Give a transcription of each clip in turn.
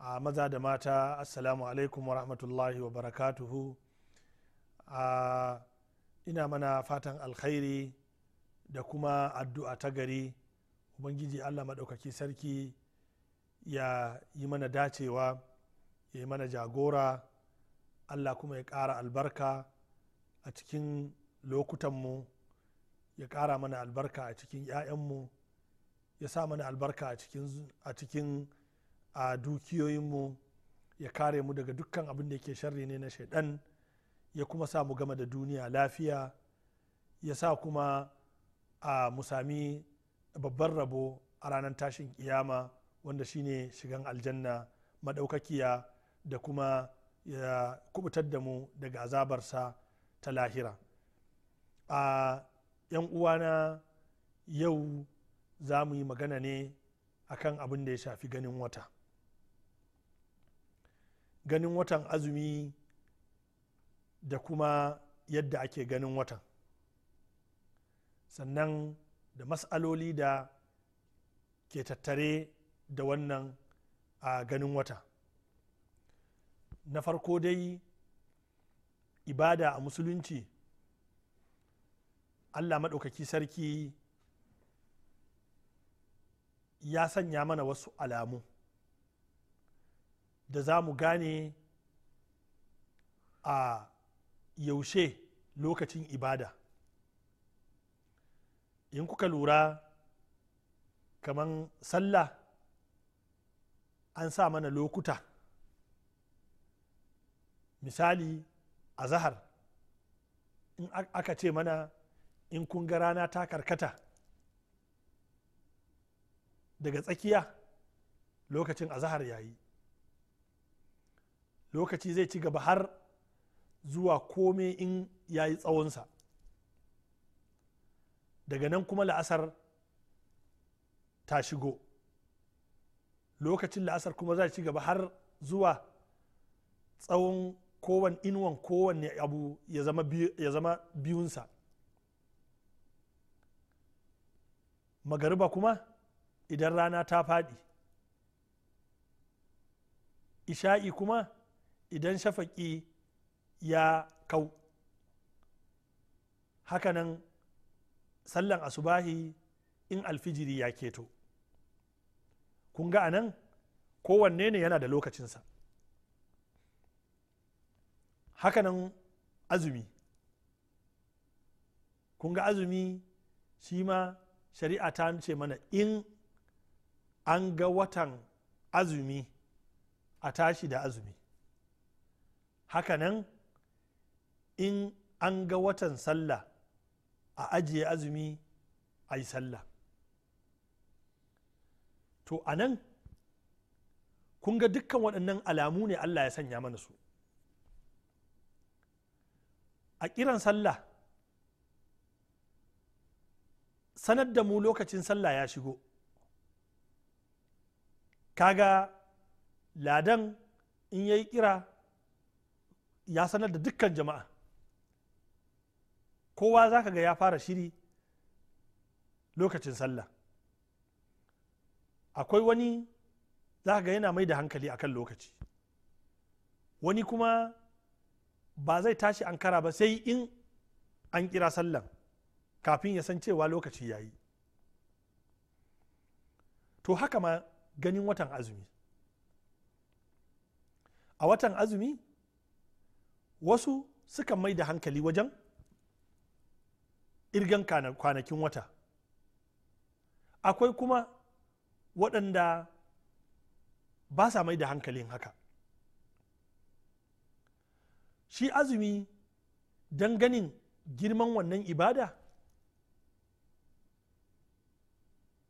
a maza da mata assalamu alaikum wa rahmatullahi wa barakatuhu a ina mana fatan alkhairi da kuma addu'a ta gari ubangiji allah maɗaukaki sarki ya yi mana dacewa ya yi mana jagora allah kuma ya ƙara albarka a cikin lokutanmu ya ƙara mana albarka a cikin 'ya'yanmu ya sa mana albarka a cikin a dukiyoyinmu ya kare mu daga dukkan abin da yake sharri ne na shaidan ya kuma sa mu gama da duniya lafiya ya sa kuma a mu sami babban rabo a ranar tashin kiyama wanda shine shigan aljanna madaukakiya da kuma ya kubutar da mu daga azabarsa ta lahira a yan uwana yau za mu yi magana ne akan abin da ya shafi ganin wata ganin watan azumi da kuma yadda ake ganin watan sannan da matsaloli da ke tattare da wannan a ganin wata na farko dai ibada a musulunci allah maɗaukaki sarki ya sanya mana wasu alamu da za mu gane a yaushe lokacin ibada in kuka lura kamar sallah an sa mana lokuta misali a zahar in aka ce mana in kun ga rana ta karkata daga tsakiya lokacin azahar yayi lokaci zai ci gaba har zuwa kome in ya yi tsawonsa daga nan kuma la'asar ta shigo lokacin la'asar kuma za ci gaba har zuwa tsawon kowan inuwan kowanne abu ya zama biyunsa magariba kuma idan rana ta faɗi isha'i kuma idan shafaƙi ya kau hakanan sallan asubahi in alfijiri ya keto kun ga anan kowanne ne yana da lokacinsa hakanan azumi kun ga azumi shi ma shari'a ta ce mana in an ga watan azumi a tashi da azumi hakanan in an ga watan sallah a ajiye azumi a yi sallah to a nan kun ga dukkan waɗannan alamu ne allah ya sanya mana su a kiran sallah sanar da mu lokacin sallah ya shigo kaga ladan in yayi kira ya sanar da dukkan jama'a kowa za ka ga ya fara shiri lokacin sallah akwai wani za ga yana mai da hankali akan lokaci wani kuma ba zai tashi an kara ba sai in an kira sallah kafin ya san cewa lokaci ya yi to haka ma ganin watan azumi a watan azumi wasu suka mai da hankali wajen irgan kwanakin wata akwai kuma waɗanda ba sa mai da hankalin haka shi azumi don ganin girman wannan ibada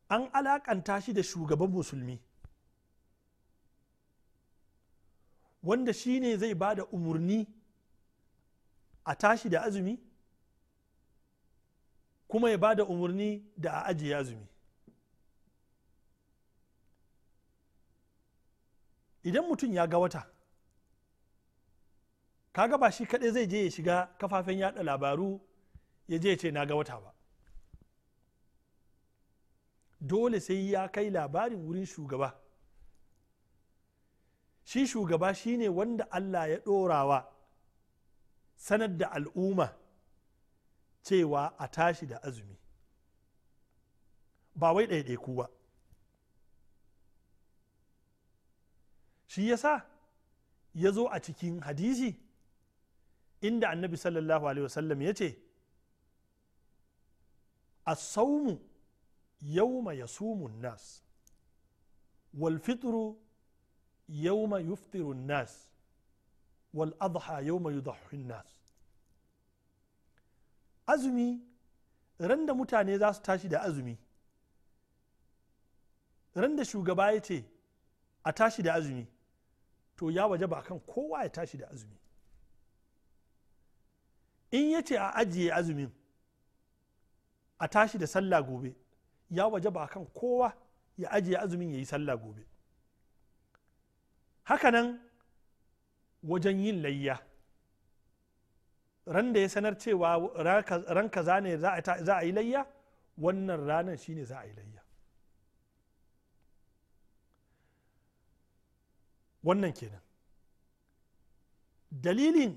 an alakanta shi da shugaban musulmi wanda shi ne zai ba da umarni a tashi da azumi kuma ya ba da umarni da a ajiye azumi idan mutum ya ga wata kaga ba shi kaɗai zai je ya shiga kafafen yada labaru ya je ya ce na ga wata ba dole sai ya kai labarin wurin shugaba shi shugaba shine wanda allah ya ɗorawa sanar da al'umma cewa a tashi da azumi ba wai ɗaiɗaiku ba shi yasa ya zo a cikin hadisi inda annabi sallallahu alaihi wasallam ya ce asaumu yauma ya sumun nas walfitru yauma yuftirun nas wal adha yawma da nas azumi ran da mutane za su tashi da azumi ran da shugaba ya ce a tashi da azumi to ya waje ba kan kowa ya tashi da azumi in ya ce a ajiye azumin a tashi da sallah gobe ya waje ba kan kowa ya ajiye azumin ya yi sallah gobe hakanan wajen yin layya ran da ya sanar cewa ran kaza ne za a yi layya wannan ranar shine za a yi layya wannan kenan dalilin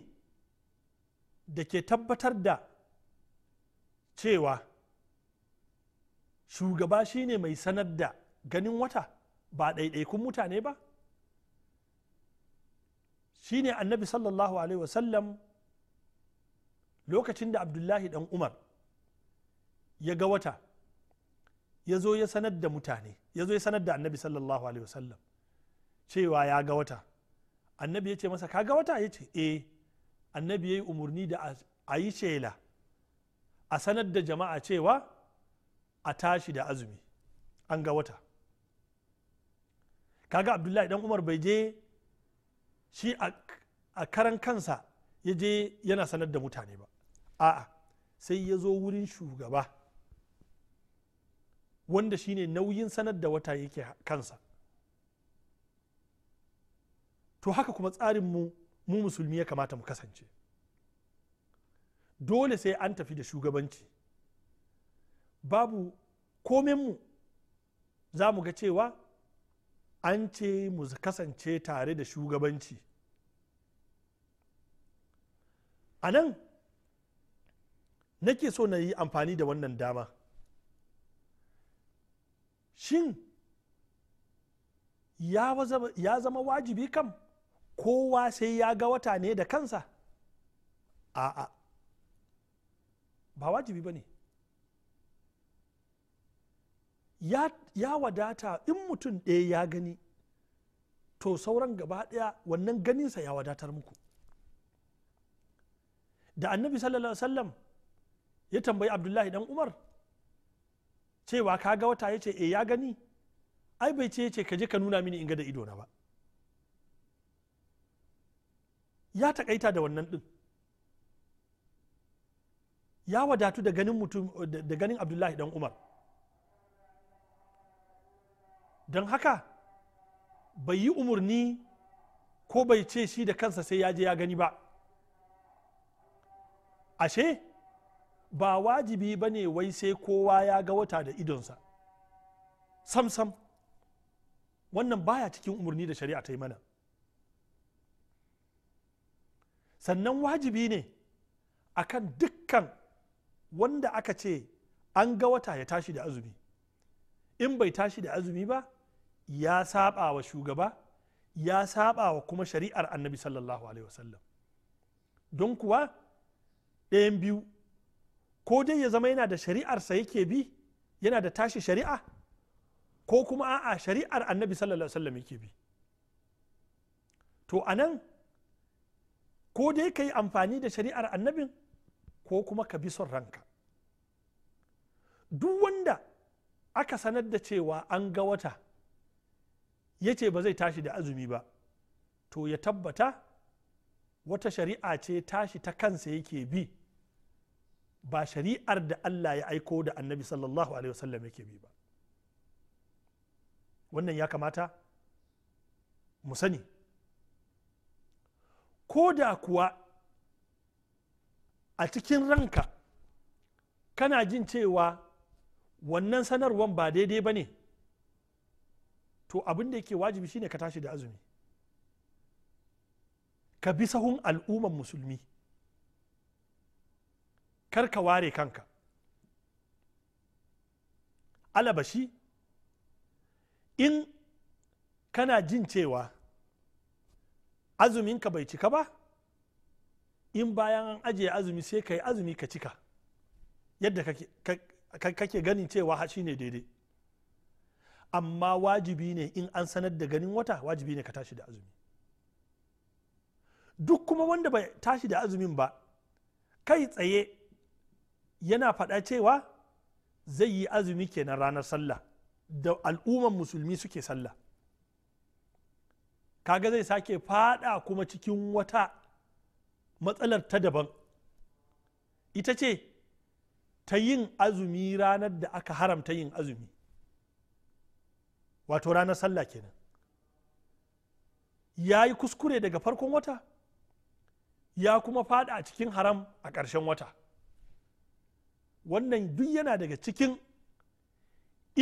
da ke tabbatar da cewa shugaba shine mai sanar da ganin wata ba ɗaiɗaikun mutane ba Shi ne annabi sallallahu alaihi wasallam lokacin da abdullahi dan umar ya ga wata ya zo ya sanar da mutane ya zo ya sanar da annabi sallallahu alaihi wasallam cewa ya ga wata annabi ya ce masa ka ga wata ya ce eh annabi ya yi umarni da a yi shela a sanar da jama'a cewa a tashi da azumi an ga wata kaga abdullahi dan umar bai je shi a karan kansa ya je yana sanar da mutane ba a'a sai ya zo wurin shugaba wanda shine nauyin sanar da wata yake kansa to haka kuma tsarin mu mu musulmi ya kamata mu kasance dole sai an tafi da shugabanci babu komenmu za mu ga cewa an ce mu kasance tare da shugabanci a nan nake so na yi amfani da wannan dama shin ya zama wajibi kam kowa sai ya ga wata ne da kansa a'a ba wajibi ba ne ya ya wadata in mutum ɗaya ya gani to sauran gaba ɗaya wannan ganinsa ya wadatar muku da annabi sallallahu alaihi wasallam ya tambayi abdullahi dan umar cewa ka ga wata ya ce e ya gani ai bai ce ya ce ka je ka nuna mini in ga da idona ba ya takaita da wannan din ya wadatu da ganin da ganin abdullahi dan umar don haka bai yi umarni ko bai ce shi da kansa sai ya je ya gani ba ashe ba wajibi ba ne wai sai kowa ya ga wata da idonsa sam sam wannan baya cikin umarni da shari'a ta yi mana sannan wajibi ne akan dukkan wanda aka ce an ga wata ya tashi da azumi in bai tashi da azumi ba ya saba wa shugaba ya saba wa kuma shari'ar annabi sallallahu alaihi wasallam don kuwa ɗayan biyu ko dai ya zama yana da shari'arsa yake bi yana da tashi shari'a ko kuma a'a shari'ar annabi sallallahu alaihi wasallam yake bi to a nan ko dai ka yi amfani da shari'ar annabin ko kuma ka bi son ranka duk wanda aka sanar da cewa an ga wata ya ce ba zai tashi da azumi ba to ya tabbata wata shari'a ce tashi ta kansa yake bi ba shari'ar da Allah ya aiko da annabi sallallahu alaihi wasallam yake bi ba wannan ya kamata mu sani ko da kuwa a cikin ranka kana jin cewa wannan sanarwan ba daidai ba ne to abin da yake wajibi shine ka tashi da azumi ka bi sahun al'umman musulmi kar ka ware kanka alabashi in kana jin cewa azuminka bai cika ba in bayan an ajiye azumi sai ka yi azumi ka cika yadda kake ganin cewa shi ne daidai amma wajibi ne in an sanar da ganin wata wajibi ne ka tashi da azumi duk kuma wanda bai tashi da azumin ba kai tsaye yana faɗa cewa zai yi azumi kenan ranar sallah da al'umman musulmi suke sallah kaga zai sake fada kuma cikin wata matsalar ta daban ita ce ta yin azumi ranar da aka haramta yin azumi wato ranar sallah kenan ya yi kuskure daga farkon wata ya kuma fada a cikin haram a ƙarshen wata wannan duk yana daga cikin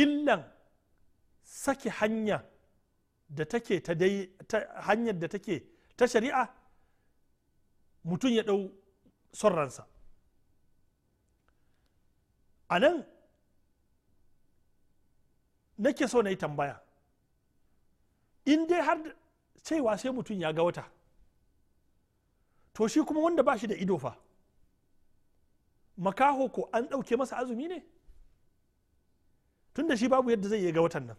illan sake hanya da take ta dai hanyar da take ta shari'a mutum ya ɗau son ransa a nan nake so na yi tambaya in dai har cewa sai mutum ya ga wata to shi kuma wanda ba shi da ido fa makaho ko an ɗauke masa azumi ne tunda shi babu yadda zai iya ga watan nan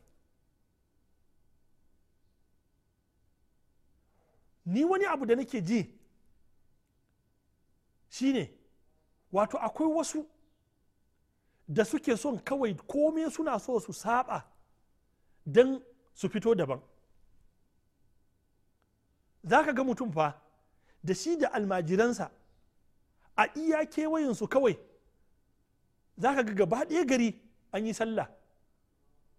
ni wani abu da nake ji shi ne wato akwai wasu da suke son kawai komai suna so su saba don su fito daban za ka ga mutum fa da shi da almajiransa a iya kewayensu kawai za ka ga gaba ɗaya gari an yi sallah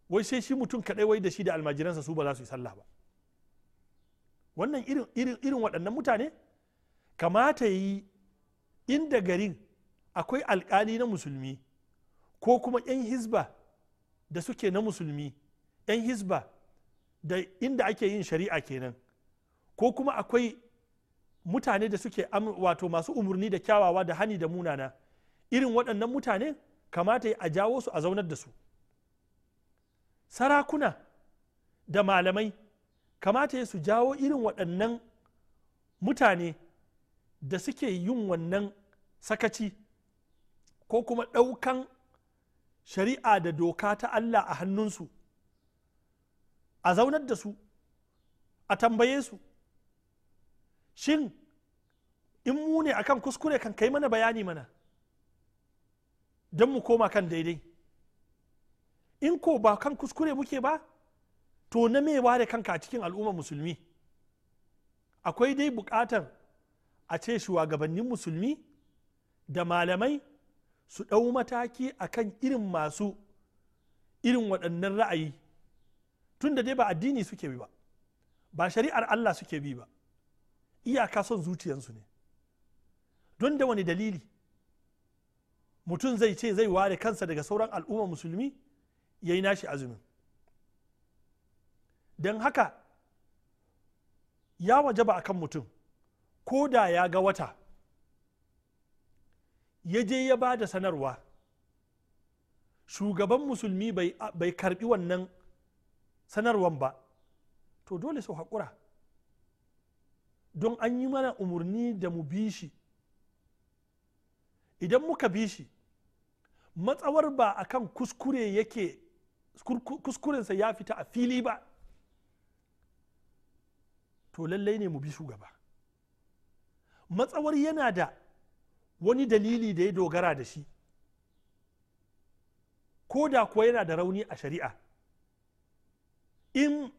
wai sai shi mutum kaɗai wai da shi da almajiransa su ba za su yi sallah ba wannan irin waɗannan mutane kamata yi inda garin akwai alƙali na musulmi ko kuma 'yan hizba da suke na musulmi 'yan hizba da inda ake yin shari'a kenan ko kuma akwai mutane da suke wato masu umarni da kyawawa da hani da munana irin waɗannan mutane kamata a jawo su a zaunar da su sarakuna da malamai kamata su jawo irin waɗannan mutane da suke yin wannan sakaci ko kuma ɗaukan shari'a da doka ta Allah a hannunsu a zaunar da su a tambaye su shin in mu ne akan kuskure kan kai mana bayani mana don mu koma kan daidai in ko ba kan kuskure muke ba to na mewa da kanka a cikin al'ummar musulmi akwai dai bukatar a ce shugabannin musulmi da malamai su ɗau mataki akan irin masu irin waɗannan ra'ayi tunda dai ba addini suke bi ba ba shari'ar Allah suke bi ba iyaka son zuciyarsu ne don da wani dalili mutum zai ce zai ware kansa daga sauran al'umma musulmi ya yi nashi azumin don haka ya waje ba a kan mutum ko da ya ga wata ya je ya ba da sanarwa shugaban musulmi bai karbi wannan sanarwan ba to dole su haƙura don an yi mana umarni da mu bi shi idan muka bi shi matsawar ba akan kuskure yake kuskurensa ya fita a fili ba to lallai ne mu bi shugaba matsawar yana da wani dalili da ya dogara da shi ko da kuwa yana da rauni a shari'a in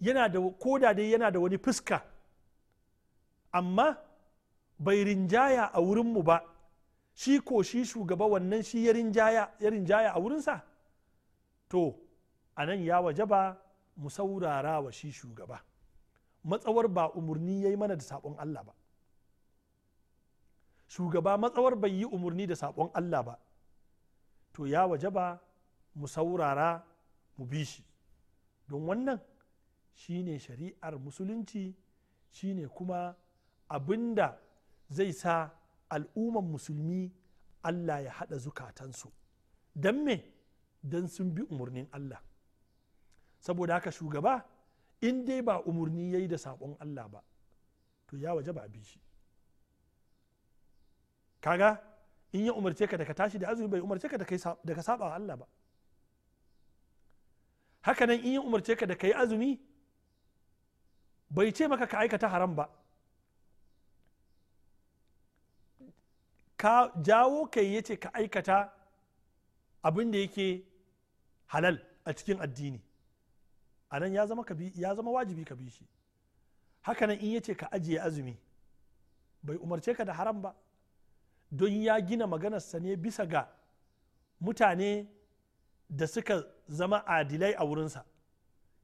yana da ko dai yana da wani fuska amma bai rinjaya a wurinmu ba shi ko shi shugaba wannan shi ya rinjaya a wurinsa to a nan ya waje ba mu saurara wa shi shugaba matsawar ba umarni ya yi mana da saƙon Allah ba shugaba matsawar bai yi umarni da saƙon Allah ba to ya waje ba mu saurara mu bi shi don wannan shine shari'ar musulunci shine kuma abinda zai sa al'umman musulmi allah ya haɗa zukatansu don me don sun bi umarnin allah saboda haka shugaba in dai ba umarni ya yi da saƙon allah ba to ya waje ba bi shi kaga in ya umarce ka da tashi da azumi bai umarce ka da saba allah ba haka nan in ya umarce ka da ka yi azumi bai ce maka ka aikata haram ba ka jawo ka yi ce ka aikata abin da yake halal a cikin addini a nan ya zama wajibi ka bi shi haka nan in ya ce ka ajiye azumi bai umarce ka da haram ba don ya gina maganarsa ne bisa ga mutane da suka zama adilai a wurinsa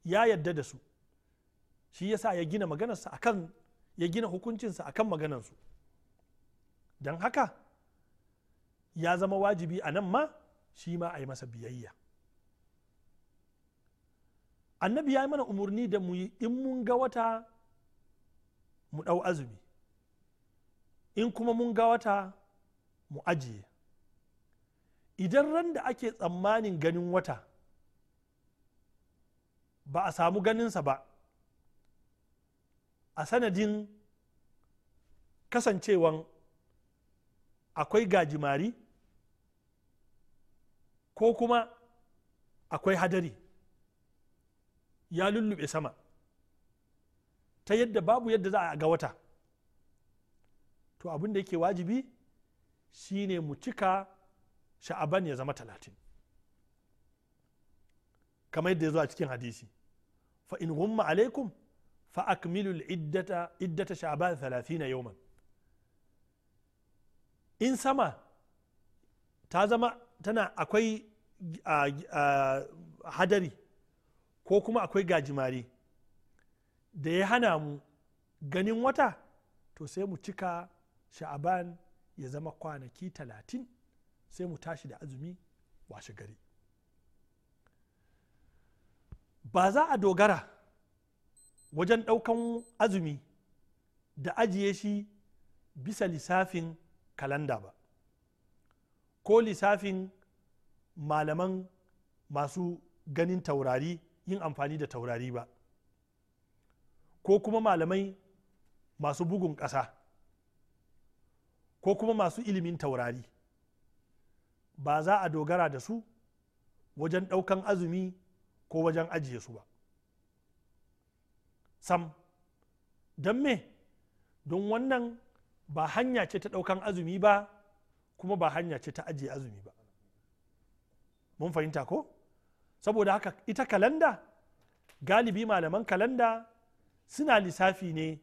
ya yadda da su shi yasa ya gina maganarsa akan ya gina hukuncinsa akan maganarsu don haka ya zama wajibi a nan ma shi ma a yi masa biyayya annabi ya yi mana umarni da mu yi in mun ga wata mu ɗau azumi in kuma mun ga wata mu ajiye idan ran da ake tsammanin ganin wata ba a samu ganinsa ba a sanadin kasancewan akwai gajimari ko kuma akwai hadari ya lullube sama ta yadda babu yadda za a ga wata to abin da yake wajibi shine mu cika sha'aban ya zama talatin kamar yadda ya zo a cikin hadisi fa in humma alaikum fa akmilul iddata iddata sha'ban 30 yawman in sama ta zama tana akwai hadari ko kuma akwai gajimare da ya hana mu ganin wata to sai mu cika sha'aban ya zama kwanaki talatin sai mu tashi da azumi washe gari ba za a dogara wajen ɗaukan azumi da ajiye shi bisa lissafin kalanda ba ko lissafin malaman masu ganin taurari yin amfani da taurari ba ko kuma malamai masu bugun ƙasa ko kuma masu ilimin taurari ba za a dogara da su wajen ɗaukan azumi ko wajen ajiye su ba sam don me don wannan ba hanya ce ta ɗaukan azumi ba kuma ba hanya ce ta ajiye azumi ba mun fahimta ko saboda haka ita kalanda galibi malaman kalanda suna lissafi ne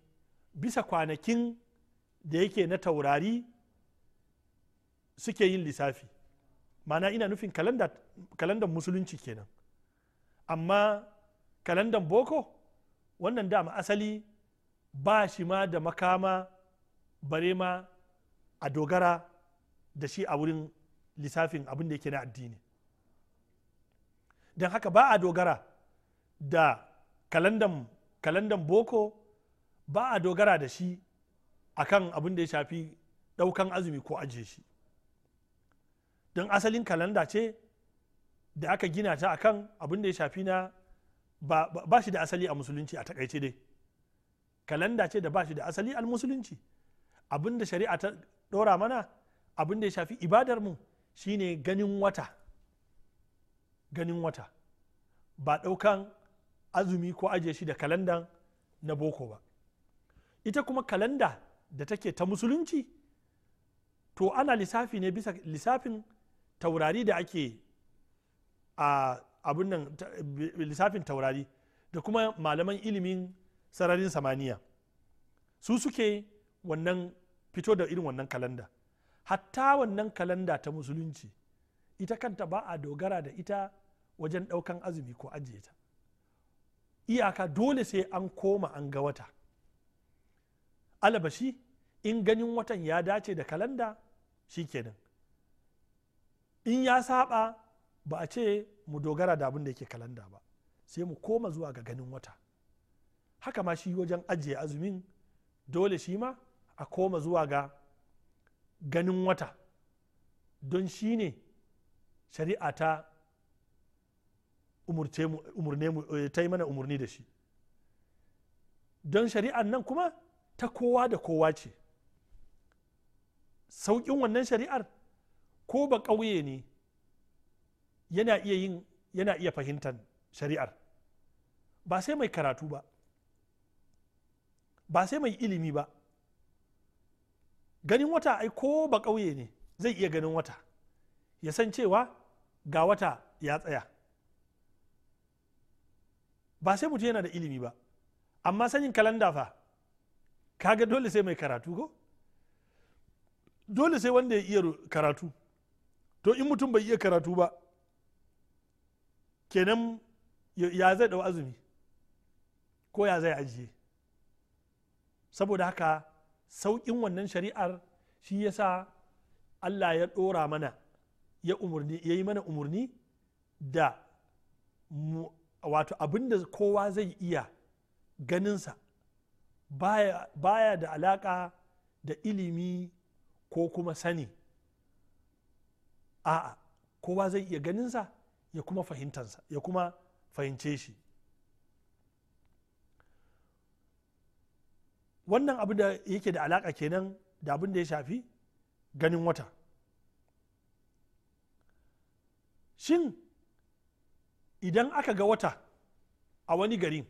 bisa kwanakin da yake na taurari suke yin lissafi mana ina nufin kalandar musulunci kenan amma kalandan boko wannan dama asali ba shi ma da makama bare ma a dogara da shi a wurin lissafin abin da yake na addini don haka ba a dogara da kalandan, kalandan boko ba a dogara da shi a kan abin da ya shafi daukan azumi ko ajiye shi don asalin kalanda ce da aka gina ta akan abin da ya shafi na ba shi da asali a musulunci a takaice dai kalanda ce da ba shi da asali a musulunci abin da shari'a ta ɗora mana abin da ya shafi ibadar mu shine ganin wata ganin wata ba ɗaukan azumi ko ajiye shi da kalandan na boko ba ita kuma kalanda da take ta musulunci to ana lissafi ne bisa lissafin taurari da ake a abin nan lissafin taurari da kuma malaman ilimin sararin samaniya su suke wannan fito da irin wannan kalanda hatta wannan kalanda ta musulunci ita kanta ba a dogara da ita wajen ɗaukan azumi ko ajiye ta iyaka dole sai an koma an ga wata alabashi in ganin watan ya dace da kalanda shi kenan in ya saba ba a ce mu dogara da abin da yake kalanda ba sai mu koma zuwa ga ganin wata haka ma shi wajen ajiye azumin dole shi ma a koma zuwa ga ganin wata don shi ne shari'a ta eh, ta yi mana umarni da shi don shari'a nan kuma ta kowa da kowa ce sauƙin wannan shari'ar ko ba ƙauye ne yana iya yin yana iya fahimtar shari'ar ba sai mai karatu ba ba sai mai ilimi ba ganin wata ai ko ba ƙauye ne zai iya ganin wata ya san cewa ga wata ya tsaya ba sai mutum yana da ilimi ba amma sanin kalanda fa kaga dole sai mai karatu ko dole sai wanda ya iya karatu to in mutum bai iya karatu ba kenan ya zai ɗau azumi ko ya zai ajiye saboda haka sauƙin wannan shari'ar shi ya sa allah ya ɗora mana ya yi mana umarni da wato abinda kowa zai iya ganinsa baya da alaƙa da ilimi ko kuma sani a'a kowa zai iya ganinsa ya kuma fahimtansa ya kuma fahimce shi wannan abu da yake da alaka kenan da abin da ya shafi ganin wata shin idan aka ga wata a wani gari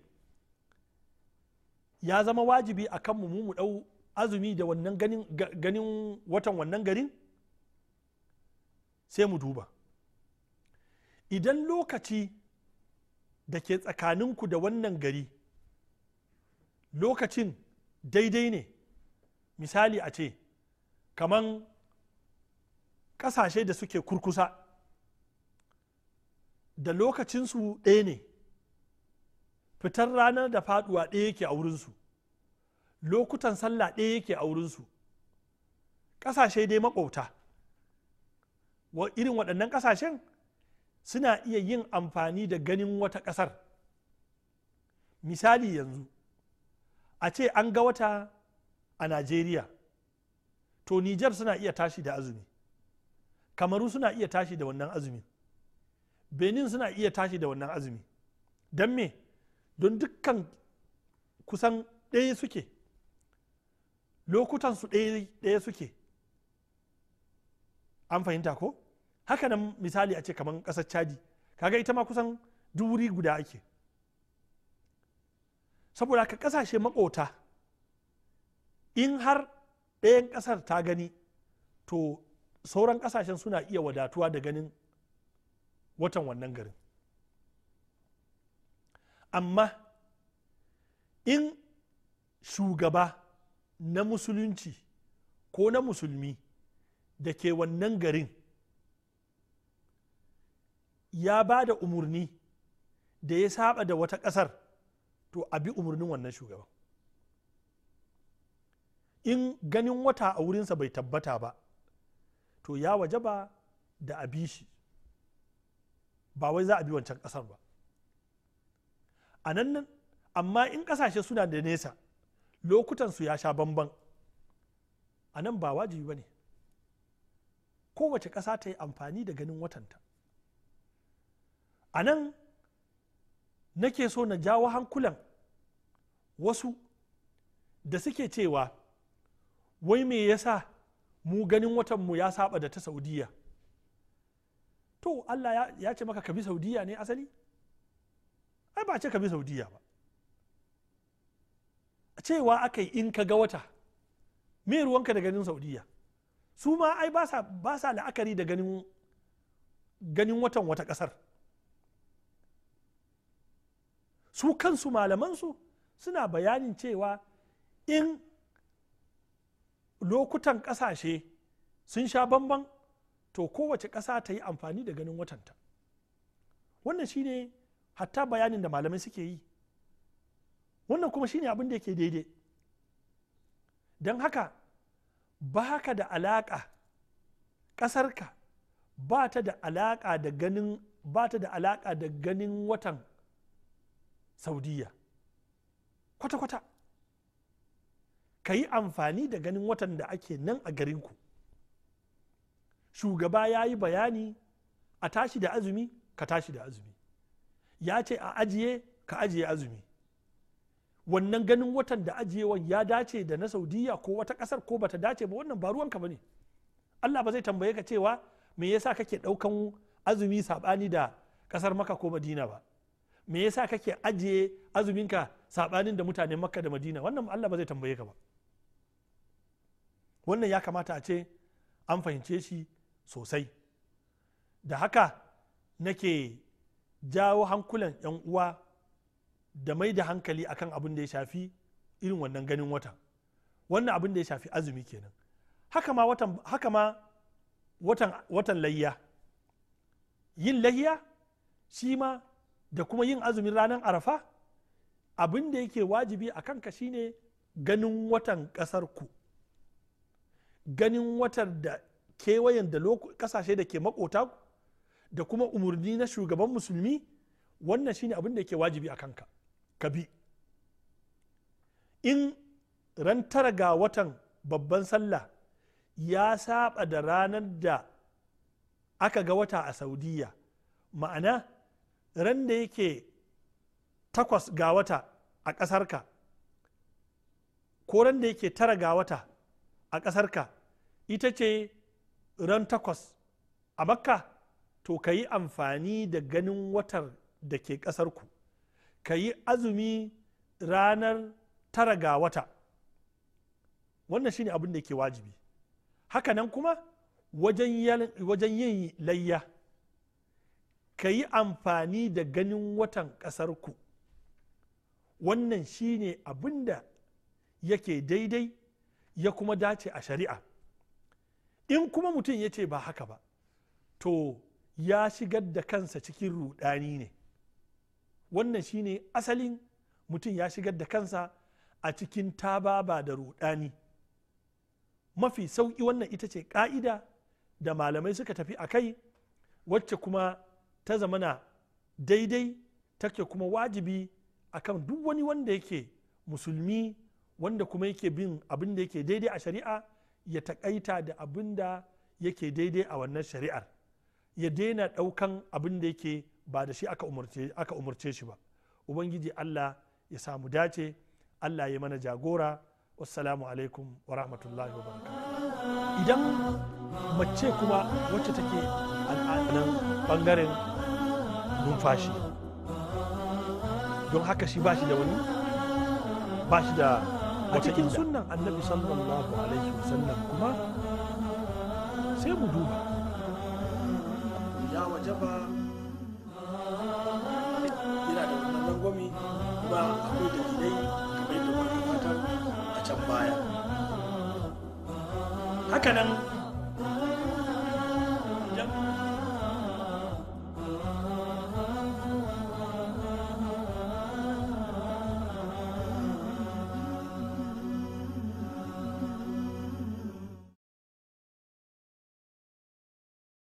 ya zama wajibi a kan mu mu ɗau azumi da wannan ganin watan wannan garin sai mu duba idan lokaci da ke tsakaninku da wannan gari lokacin daidai ne misali a ce kaman ƙasashe da suke kurkusa da lokacinsu ɗaya ne fitar ranar da faduwa ɗaya yake a wurinsu lokutan sallah ɗaya yake a wurinsu ƙasashe dai maƙwauta irin waɗannan ƙasashen suna iya yin amfani da ganin wata ƙasar misali yanzu a ce an ga wata a najeriya to nijar suna iya tashi da azumi kamaru suna iya tashi da wannan azumi benin suna iya tashi da wannan azumi don me don dukkan kusan ɗaya suke lokutansu ɗaya suke an fahimta ko haka nan misali a ce kamar kasar chadi kaga ita ma kusan duri guda ake saboda ka kasashe makota in har ɗayan ƙasar ta gani to sauran ƙasashen suna iya wadatuwa da ganin watan wannan garin amma in shugaba na musulunci ko na musulmi da ke wannan garin ya ba da umarni da ya saba da wata ƙasar to a bi umarnin wannan shugaban in ganin wata a wurinsa bai tabbata ba to ya waje ba da a bi shi ba wai za a bi wancan ƙasar ba a nan nan amma in ƙasashe suna da nesa lokutansu ya sha bamban a nan ba wajibi ba ne kowace ƙasa ta yi amfani da ganin watanta a nan nake so na jawo hankulan wasu da suke cewa wai me yasa mu ganin watanmu ya saba da ta saudiya to allah ya ce maka ka bi saudiya ne asali ai ba ce ka bi saudiya ba cewa aka yi in ka ga wata me ruwanka da ganin saudiya su ma ai ba sa la'akari da ganin watan wata kasar su kansu malamansu suna bayanin cewa in lokutan ƙasashe sun sha bamban to kowace ƙasa ta yi amfani da ganin watanta wannan shi ne hatta bayanin da malamai suke yi wannan kuma shine abin da yake daidai don haka ba ka da alaƙa ƙasarka ba da alaƙa ba ta da alaƙa da ganin watan saudiya kwata-kwata ka yi amfani da ganin watan da ake nan a garinku shugaba ya yi bayani a tashi da azumi ka tashi da azumi ya ce a ajiye ka ajiye azumi wannan ganin watan da ajiyewan ya dace da na saudiya ko wata kasar ko bata dace ba wannan ba ruwanka ba ne allah ba zai tambaye ka cewa me yasa kake ɗaukan azumi sabani da kasar maka ko madina ba me yasa kake ajiye azuminka sabanin da mutane makka da madina wannan allah ba zai tambaye ka ba wannan ya kamata a ce an fahimce shi sosai da haka nake jawo hankulan 'yan uwa da mai da hankali akan abin da ya shafi irin wannan ganin wata wannan abin da ya shafi azumi kenan haka ma watan haka ma watan watan layya yin layya shi ma da kuma yin azumin ranar arafa abin da yake wajibi a kanka shine ganin watan ƙasarku. ganin watan da kewayen da kasashe da ke makota da kuma umarni na shugaban musulmi wannan shine abin da yake wajibi a kanka ka bi in ran tara ga watan babban sallah ya saba da ranar da aka ga wata a saudiya ma'ana ran da yake takwas ga wata a ƙasarka ko ran da yake tara ga wata a ƙasarka ita ce ran takwas a makka to ka yi amfani da ganin watar da ke ƙasarku ka yi azumi ranar tara ga wata wannan shine abin da ke wajibi hakanan kuma wajen yin layya ka yi amfani da ganin watan ku. wannan shine abin da yake daidai ya kuma dace a shari'a in kuma mutum ya ce ba haka ba to ya shigar da kansa cikin rudani ne wannan shine asalin mutum ya shigar da kansa a cikin tababa da rudani mafi sauƙi wannan ita ce ƙa'ida da malamai suka tafi a kai wacce kuma ta zamana daidai take kuma wajibi akan duk wani wanda yake musulmi wanda kuma yake bin abin da yake daidai a shari'a ya takaita da abin da yake daidai a wannan shari'ar ya daina ɗaukan abin da yake ba da shi aka umarce shi ba ubangiji allah ya samu dace allah ya mana jagora wassalamu alaikum wa rahmatullahi wa idan mace kuma wacce take al'adunan bangaren numfashi don haka shi ba shi da wani ba shi da a cikin sunan annabi sallallahu alaihi wasallam kuma sai mu duba ya waje ba yana da wannan rangwami kuma akwai dalilai kamar yadda wani a can baya hakanan